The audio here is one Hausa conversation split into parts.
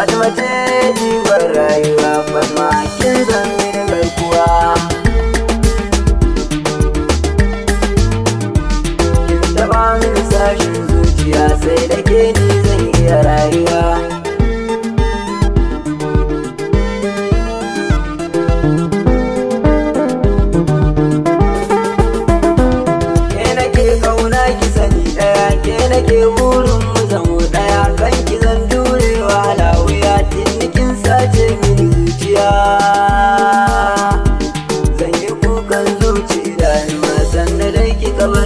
Fatima ce jiwon rayuwa Fatima kin zama da garkuwa Kin taba mini sashin zuciya sai da ke ni zan iya rayuwa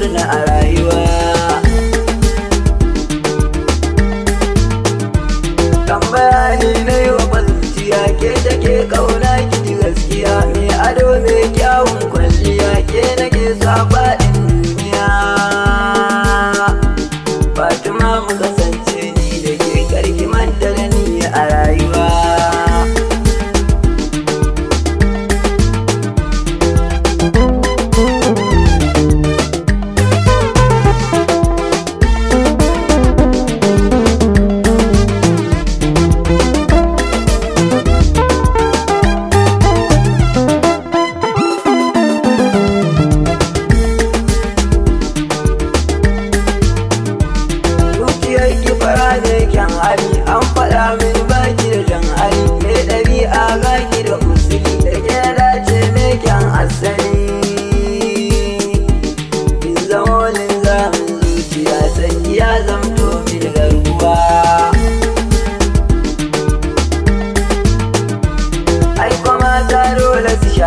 murna a rayuwa tambaya ne na yi wa kwanciya ke take kauna kiji gaskiya me ado me kyawun kwalliya ke nake sa faɗin duniya fatima mu kasance ni da ke karki man da a rayuwa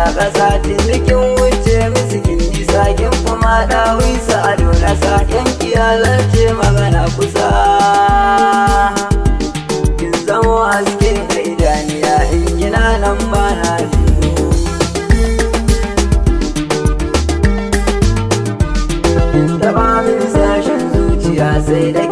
ta ƙasa tilikin wuce misikin nisa kin fi maɗa wisa a dole sa yan kiyalar ce magana kusa kin zamo haske da idaniya in gina nan ba na taɓa min sashen zuciya sai da